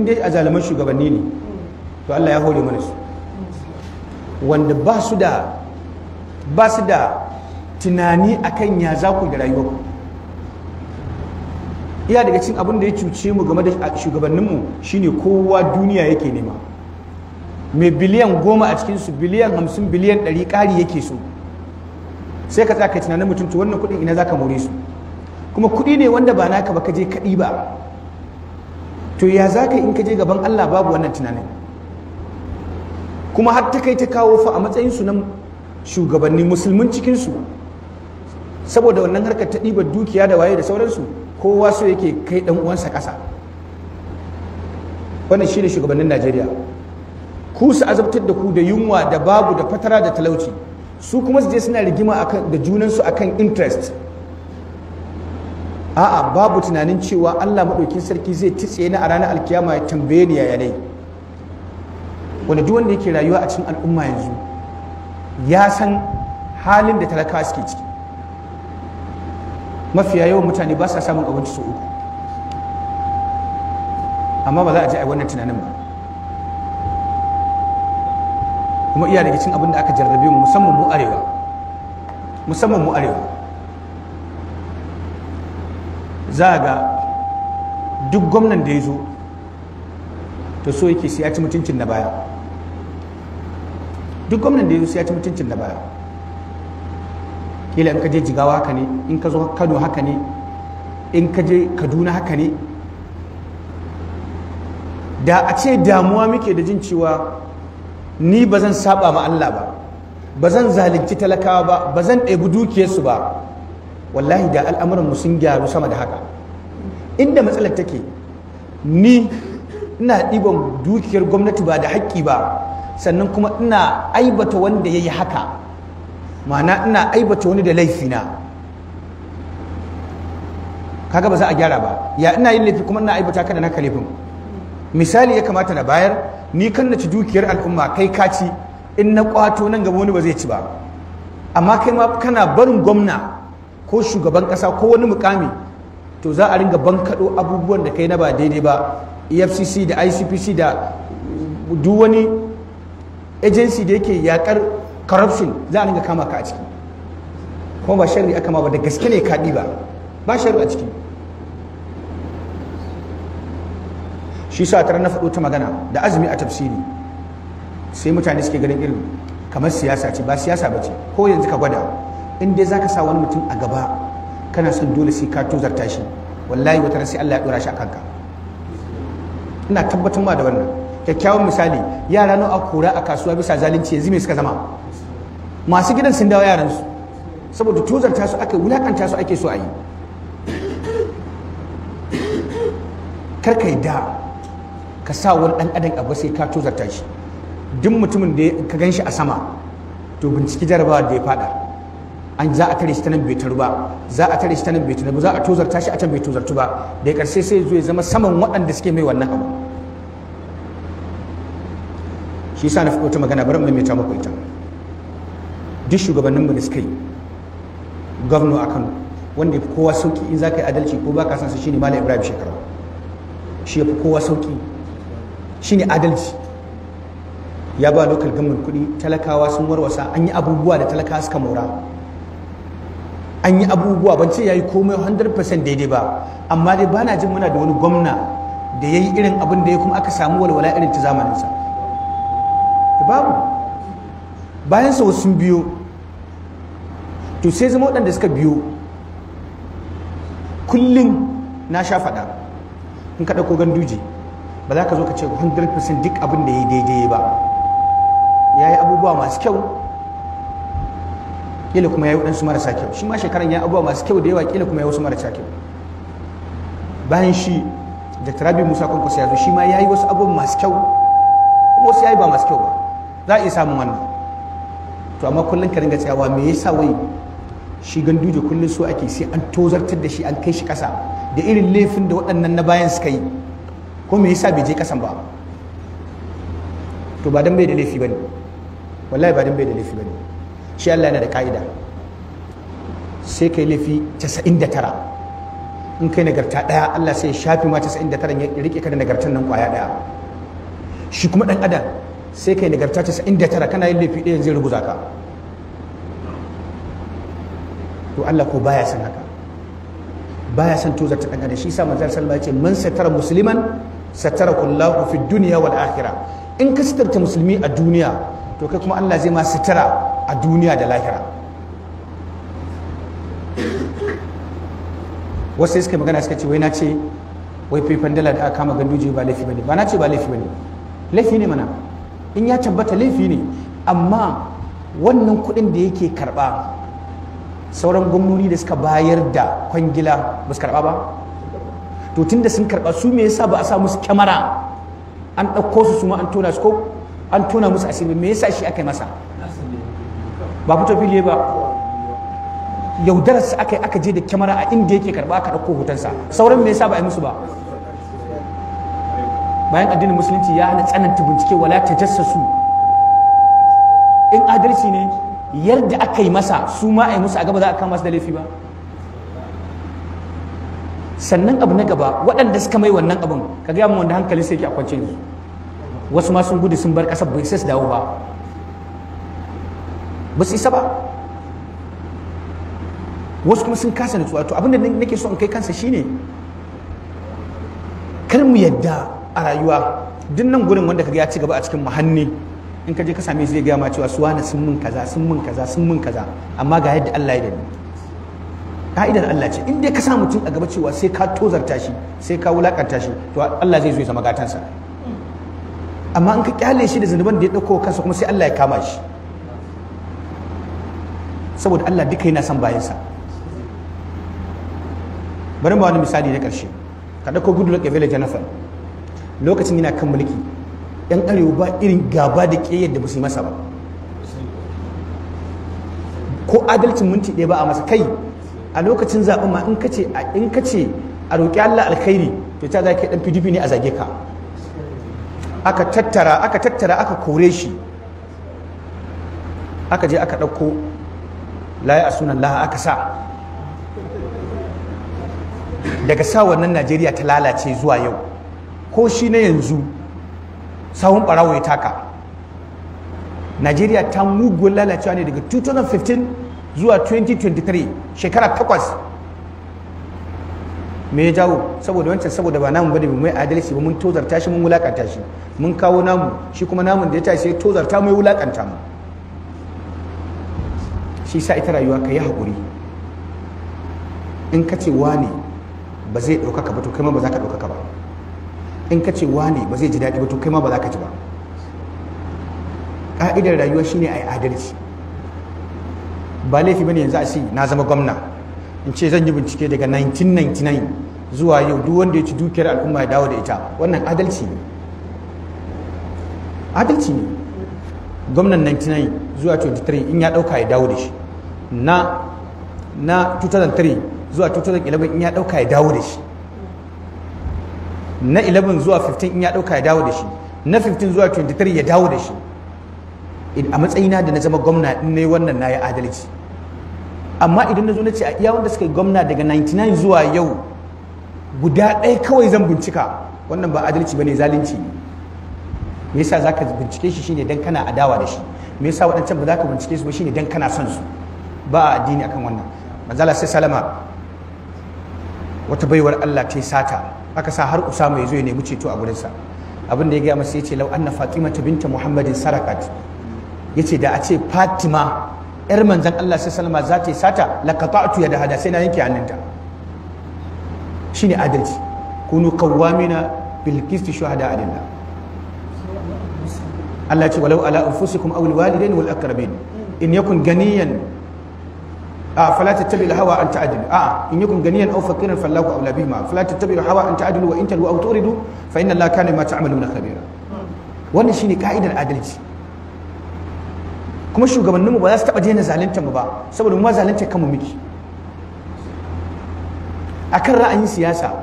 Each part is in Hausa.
in dai azaliman shugabanni ne to Allah ya hore mana su wanda ba su da ba su da tunani akan ya za ku da rayuwarku iya daga cin abin da ya cuce mu game da shugabannin mu shine kowa duniya yake nema me biliyan goma a cikinsu biliyan hamsin biliyan ɗari ƙari yake so sai ka tsaka tunanin mutum to wannan kuɗin ina za ka more su kuma kuɗi ne wanda ba naka ba ka je kaɗi ba to ya za ka in ka je gaban Allah babu wannan tunanin kuma har ta kai ta kawo fa a matsayin su na shugabanni musulmin cikinsu saboda wannan harkar ta ɗibar dukiya da waye da sauransu kowa so yake kai ɗan uwansa kasa. wannan shi ne shugabannin najeriya ku su azabtar da ku da yunwa da babu da fatara da talauci su kuma su je suna rigima da junansu akan interest a'a babu tunanin cewa Allah maɗaukin sarki zai titse ni a ranar alkiyama ya tambaye ni yaya nai wanda duk wanda yake rayuwa a cikin al'umma yanzu ya san halin da talakawa suke ciki mafiya yawan mutane ba sa samun abinci su uku amma ba za a ji a wannan tunanin ba kuma iya daga cikin abin da aka jarrabe mu musamman mu arewa musamman mu arewa za ga duk gwamnan da ya zo ta so yake siya ya ci mutuncin na baya duk gwamnan da ya zo siya ci mutuncin na baya kila in ka je jigawa haka ne in ka zo kano haka ne in ka je kaduna haka ne da a ce damuwa muke da jin cewa ni ba zan saba ma Allah ba ba zan zalunci talakawa ba ba zan ɗebi dukiyarsu ba wallahi da al'amuran mu sun gyaru sama da haka inda matsalar take ni ina ɗiban dukiyar gwamnati ba da haƙƙi ba sannan kuma ina aibata wanda ya yi haka ma'ana ina aibata wani da laifina kaga ba za a gyara ba ya ina yin laifi kuma ina aibata ka da naka laifin misali ya kamata na bayar ni kan na ci dukiyar al'umma kai ka ci in na kwato nan gaba wani ba zai ci ba amma kai ma kana barin gwamna ko shugaban ƙasa ko wani mukami to za a ringa bankaɗo abubuwan da kai na ba daidai ba efcc da icpc da duk wani agency da yake yakar corruption za a ringa kama ka a ciki kuma ba shari'a aka ma ba da gaske ne kaɗi ba ba shari'a a ciki shi sa tare na faɗo ta magana da azumi a tafsiri sai mutane suke ganin irin kamar siyasa ce ba siyasa ba ce ko yanzu ka gwada in dai ka sa wani mutum a gaba kana son dole sai ka tozarta shi wallahi wata sai Allah ya dora shi a kanka ina tabbatar ma da wannan kyakkyawan misali yara nawa a kora a kasuwa bisa zalunci yanzu me suka zama masu gidan sun dawo yaran su saboda tozarta su ake wulakanta su ake so a yi kar da ka sa wani dan adam abu sai ka tozarta shi duk mutumin da ka gan shi a sama to binciki jarabawa da ya fada an za a tare shi ta nan bai taru ba za a tare shi ta nan bai taru ba za a tozarta shi a can bai tozartu ba da karshe sai zuwa zama saman waɗanda suke mai wannan abu shi yasa na fito magana bari mu mai ta muku ita duk shugabannin mu da suka yi gwamna a Kano wanda ya fi kowa sauki in za ka yi adalci ko ba ka san su shine Malam Ibrahim Shekaru shi ya fi kowa sauki shine adalci ya ba local government kuɗi talakawa sun warwasa an yi abubuwa da talakawa suka mora an yi abubuwa ban ce ya yi komai 100% daidai ba amma dai bana jin muna da wani gwamna da ya yi irin abin da ya kuma aka samu walwala irin ta zamaninsa babu bayan sa sun biyo to sai zama waɗanda suka biyo kullum na sha faɗa in ka ɗauko ganduje ba za ka zo ka ce 100% duk abin da ya yi daidai ba ya yi abubuwa masu kyau kila kuma ya yi waɗansu marasa kyau shi ma shekaran ya abubuwa masu kyau da yawa kila kuma ya wasu marasa kyau bayan shi da tarabi musa kwankwas ya zo shi ma ya yi wasu abubuwa masu kyau kuma wasu ya yi ba masu kyau ba za a iya samun wannan to amma kullum ka ringa tsayawa me sa wai shi ganduje kullum so ake sai an tozartar da shi an kai shi ƙasa da irin laifin da waɗannan na bayan suka yi ko me yasa bai je ƙasan ba to ba dan bai da laifi bane wallahi ba dan bai da laifi bane shi Allah yana da ka'ida sai kai laifi 99 in kai nagarta daya Allah sai shafi ma 99 ya rike ka da nagartar nan kwaya daya shi kuma dan adam sai kai nagarta 99 kana yin laifi daya zai ruguza ka to Allah ko baya san haka baya san tozarta dan adam shi yasa manzon sallallahu alaihi wasallam ya ce man satara musliman satara kullahu fi dunya wal akhirah in ka sitarta musulmi a duniya to kai kuma Allah zai ma sitara a duniya da lahira wasu suka magana suka ce wai na ce wai faifan dala da aka kama ganduje ba laifi bane ba na ce ba laifi bane laifi ne mana in ya tabbata laifi ne amma wannan kuɗin da yake karɓa sauran gwamnoni da suka bayar da kwangila ba su karɓa ba to tun da sun karɓa su me yasa ba a sa musu kyamara an ɗauko su ma an tona su ko an tona musu asiri me yasa shi aka yi masa ba fito filiye ba su aka aka je da kyamara a inda yake karba aka ɗauko hotonsa sauran me yasa ba a yi musu ba bayan addinin musulunci ya hana tsananta bincike wala ta su in adalci ne yadda aka yi masa su ma a yi musu a gaba za a kama su da laifi ba sannan abu na gaba waɗanda suka mai wannan abin ka gaya mu wanda hankali sai ke a kwance wasu ma sun gudu sun bar ƙasar bai sai su dawo ba ba su isa ba wasu kuma sun kasa nutsuwa to abinda nake so in kai kansa shine kar mu yadda a rayuwa duk nan gurin wanda kaga ya ci gaba a cikin muhanni in ka je ka same zai gaya ma cewa su wani sun mun kaza sun mun kaza sun mun kaza amma ga yadda Allah ya dani ka'idar Allah ce in dai ka sa mutum a gaba cewa sai ka tozarta shi sai ka wulakanta shi to Allah zai zo ya zama gatansa amma in ka kyale shi da zanuban da ya dauko kansa kuma sai Allah ya kama shi saboda Allah duka yana son bayansa bari ba wani misali na ƙarshe ka ɗauko gudu lake village jonathan lokacin yana kan mulki yan arewa ba irin gaba da ƙiyayyar da ba yi masa ba ko adalcin minti ɗaya ba a masa kai a lokacin zaɓen ma in ka ce in ka ce a roƙi Allah alkhairi to ta za ka ɗan PDP ne a zage ka aka tattara aka tattara aka kore shi aka je aka ɗauko la a sunan laha aka sa daga sa wannan najeriya ta lalace zuwa yau ko shi na yanzu sahun barawo ya taka najeriya ta mugun lalacewa ne daga 2015 zuwa 2023 shekara takwas me ya jawo saboda wancan saboda ba namu bane mai adalci ba mun tozarta shi mun wulakanta shi mun kawo namu shi kuma namun da ya tashi ya tozarta mai wulakanta mu shi sa ita rayuwa ka yi haƙuri in ka ce wane ba zai ɗaukaka ba to kai ma ba za ka ɗaukaka ba in ka ce wane ba zai ji daɗi ba to kai ma ba za ka ji ba ƙa'idar rayuwa shine a yi adalci ba laifi bane yanzu a ce na zama gwamna in ce zan yi bincike daga 1999 zuwa yau duk wanda ya ci dukiyar al'umma ya dawo da ita wannan adalci ne adalci ne gwamnan 99 zuwa 23 in ya dauka ya dawo da shi na na 2003 zuwa 2011 in ya dauka ya dawo da shi na 11 zuwa 15 in ya dauka ya dawo da shi na 15 zuwa 23 ya dawo da shi a matsayina da na zama gwamna in ne wannan na yi adalci amma idan na zo na ce a iya wanda suka yi gwamna daga 99 zuwa yau guda ɗaya kawai zan bincika wannan ba adalci ba ne zalunci me yasa ka bincike shi shine dan kana adawa da shi me yasa waɗancan ba za ka bincike su ba shine dan kana son su ba addini akan wannan manzala sai salama wata baiwar Allah ta sata aka sa har Usama ya zo ya nemi ceto a gurinsa abin da ya gaya masa yace lau anna ta binta muhammadin sarakat yace da a ce fatima yar manzan Allah sai salama za ta yi sata la qata'tu da hada sai na yanke hannunta shine adalci kunu qawwamina bil qist shuhada lillah Allah ce walau ala anfusikum aw al wal aqrabin in yakun ganiyan a ah, fala tattabi hawa an ta'dilu a ah, in yakun ganiyan aw faqiran fallahu awla bihima fala tattabi hawa an ta'dilu wa in talu aw turidu fa inna allaha kana ma ta'maluna khabira wannan shine ka'idar adalci kuma shugabanninmu ba za su taɓa daina zalunta mu ba saboda mu ma zalunta kanmu miki akan ra'ayin siyasa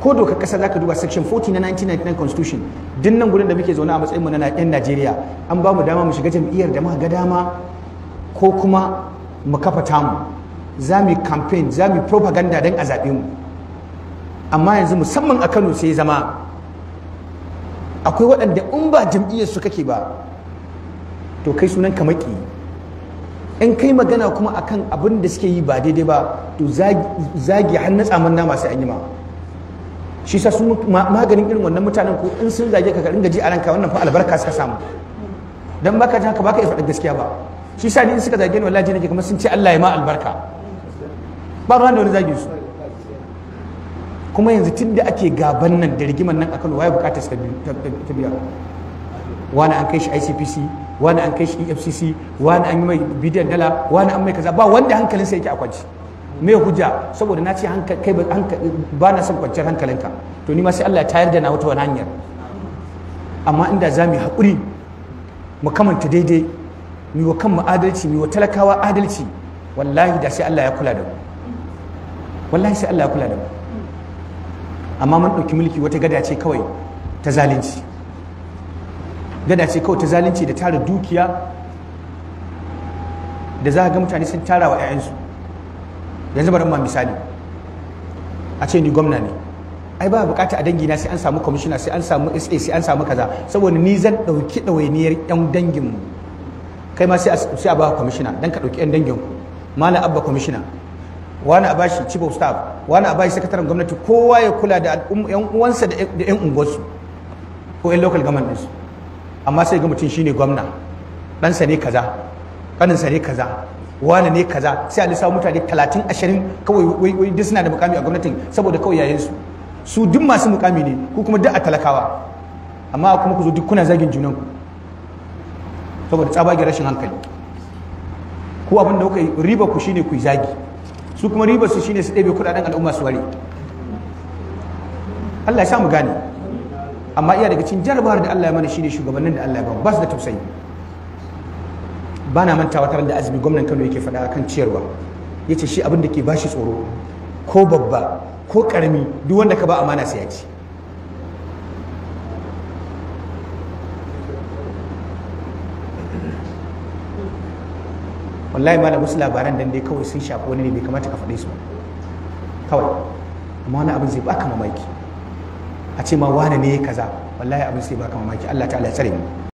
ko doka ƙasa za ka duba section 40 na 1999 constitution din nan gurin da muke zaune a matsayin mu na yan Najeriya an ba mu dama mu shiga jam'iyyar da muka ga dama ko kuma mu kafa tamu za mu campaign za mu propaganda don a zaɓe mu amma yanzu musamman a kano sai zama akwai waɗanda in ba jam'iyyar su kake ba to kai sunan ka maki in kai magana kuma akan abin da suke yi ba daidai ba to zagi har na tsaman nama sai an yi ma shi sa sun maganin irin wannan mutanen ko in sun zage ka ka ji a ranka wannan fa albarka suka samu dan baka ji haka baka iya faɗa gaskiya ba shi sa in suka zage ni wallahi nake kamar sun ce Allah ya ma albarka ba ruwan da wani zage su kuma yanzu tun da ake gaban nan da rigiman nan akan waye bukatar ta biya wani an kai shi ICPC wani an kai shi EFCC wani an yi mai bidiyon dala wani an mai kaza ba wanda hankalinsa yake a kwanci me hujja saboda na ce kai ba na son kwanciyar hankalinka to ni ma sai Allah ya tayar da na wata wani hanyar amma inda za mu haƙuri mu kamanta daidai mu wa kanmu adalci mu wa talakawa adalci wallahi da sai Allah ya kula da mu wallahi sai Allah ya kula da mu amma mun ɗauki mulki wata gada ce kawai ta zalunci gada ce kawai ta zalunci da tara dukiya da za ga mutane sun tara wa 'ya'yansu yanzu bari ma misali a ce ni gwamna ne ai ba bukata a dangi na sai an samu kwamishina sai an samu sa sai an samu kaza saboda ni zan ɗauki ɗawainiyar 'yan danginmu kai ma sai a ba kwamishina don ka ɗauki 'yan dangin ku malam abba kwamishina wani a bashi chief of staff wani a bashi sakataren gwamnati kowa ya kula da yan uwansa da yan unguwarsu ko yan local government ɗinsu amma sai ga mutum shine gwamna ɗansa ne kaza ƙaninsa ne kaza wani ne kaza sai a lissa mutane talatin ashirin kawai wai duk suna da mukami a gwamnatin saboda kawai su su duk masu mukami ne ko kuma duk a talakawa amma kuma ku zo duk kuna zagin junanku saboda tsabage rashin hankali ku abin da kuka yi riba ku shine ku zagi su kuma riba su shine su ɗebe kuɗaɗen al'umma su ware Allah ya sa mu gane amma iya daga cin jarabar da Allah ya mana shine shugabannin da Allah ya ba su da tausayi bana mantawa tare da azumi gwamnan Kano yake faɗa kan ciyarwa yace shi abin da ke bashi tsoro ko babba ko karami duk wanda ka ba amana sai ya ci wallahi malam wasu labaran dan dai kawai sun shafi wani ne bai kamata ka faɗe su kawai amma wani abin zai baka mamaki a ce ma wane ne kaza wallahi abin sai baka mamaki Allah ta'ala ya tsare mu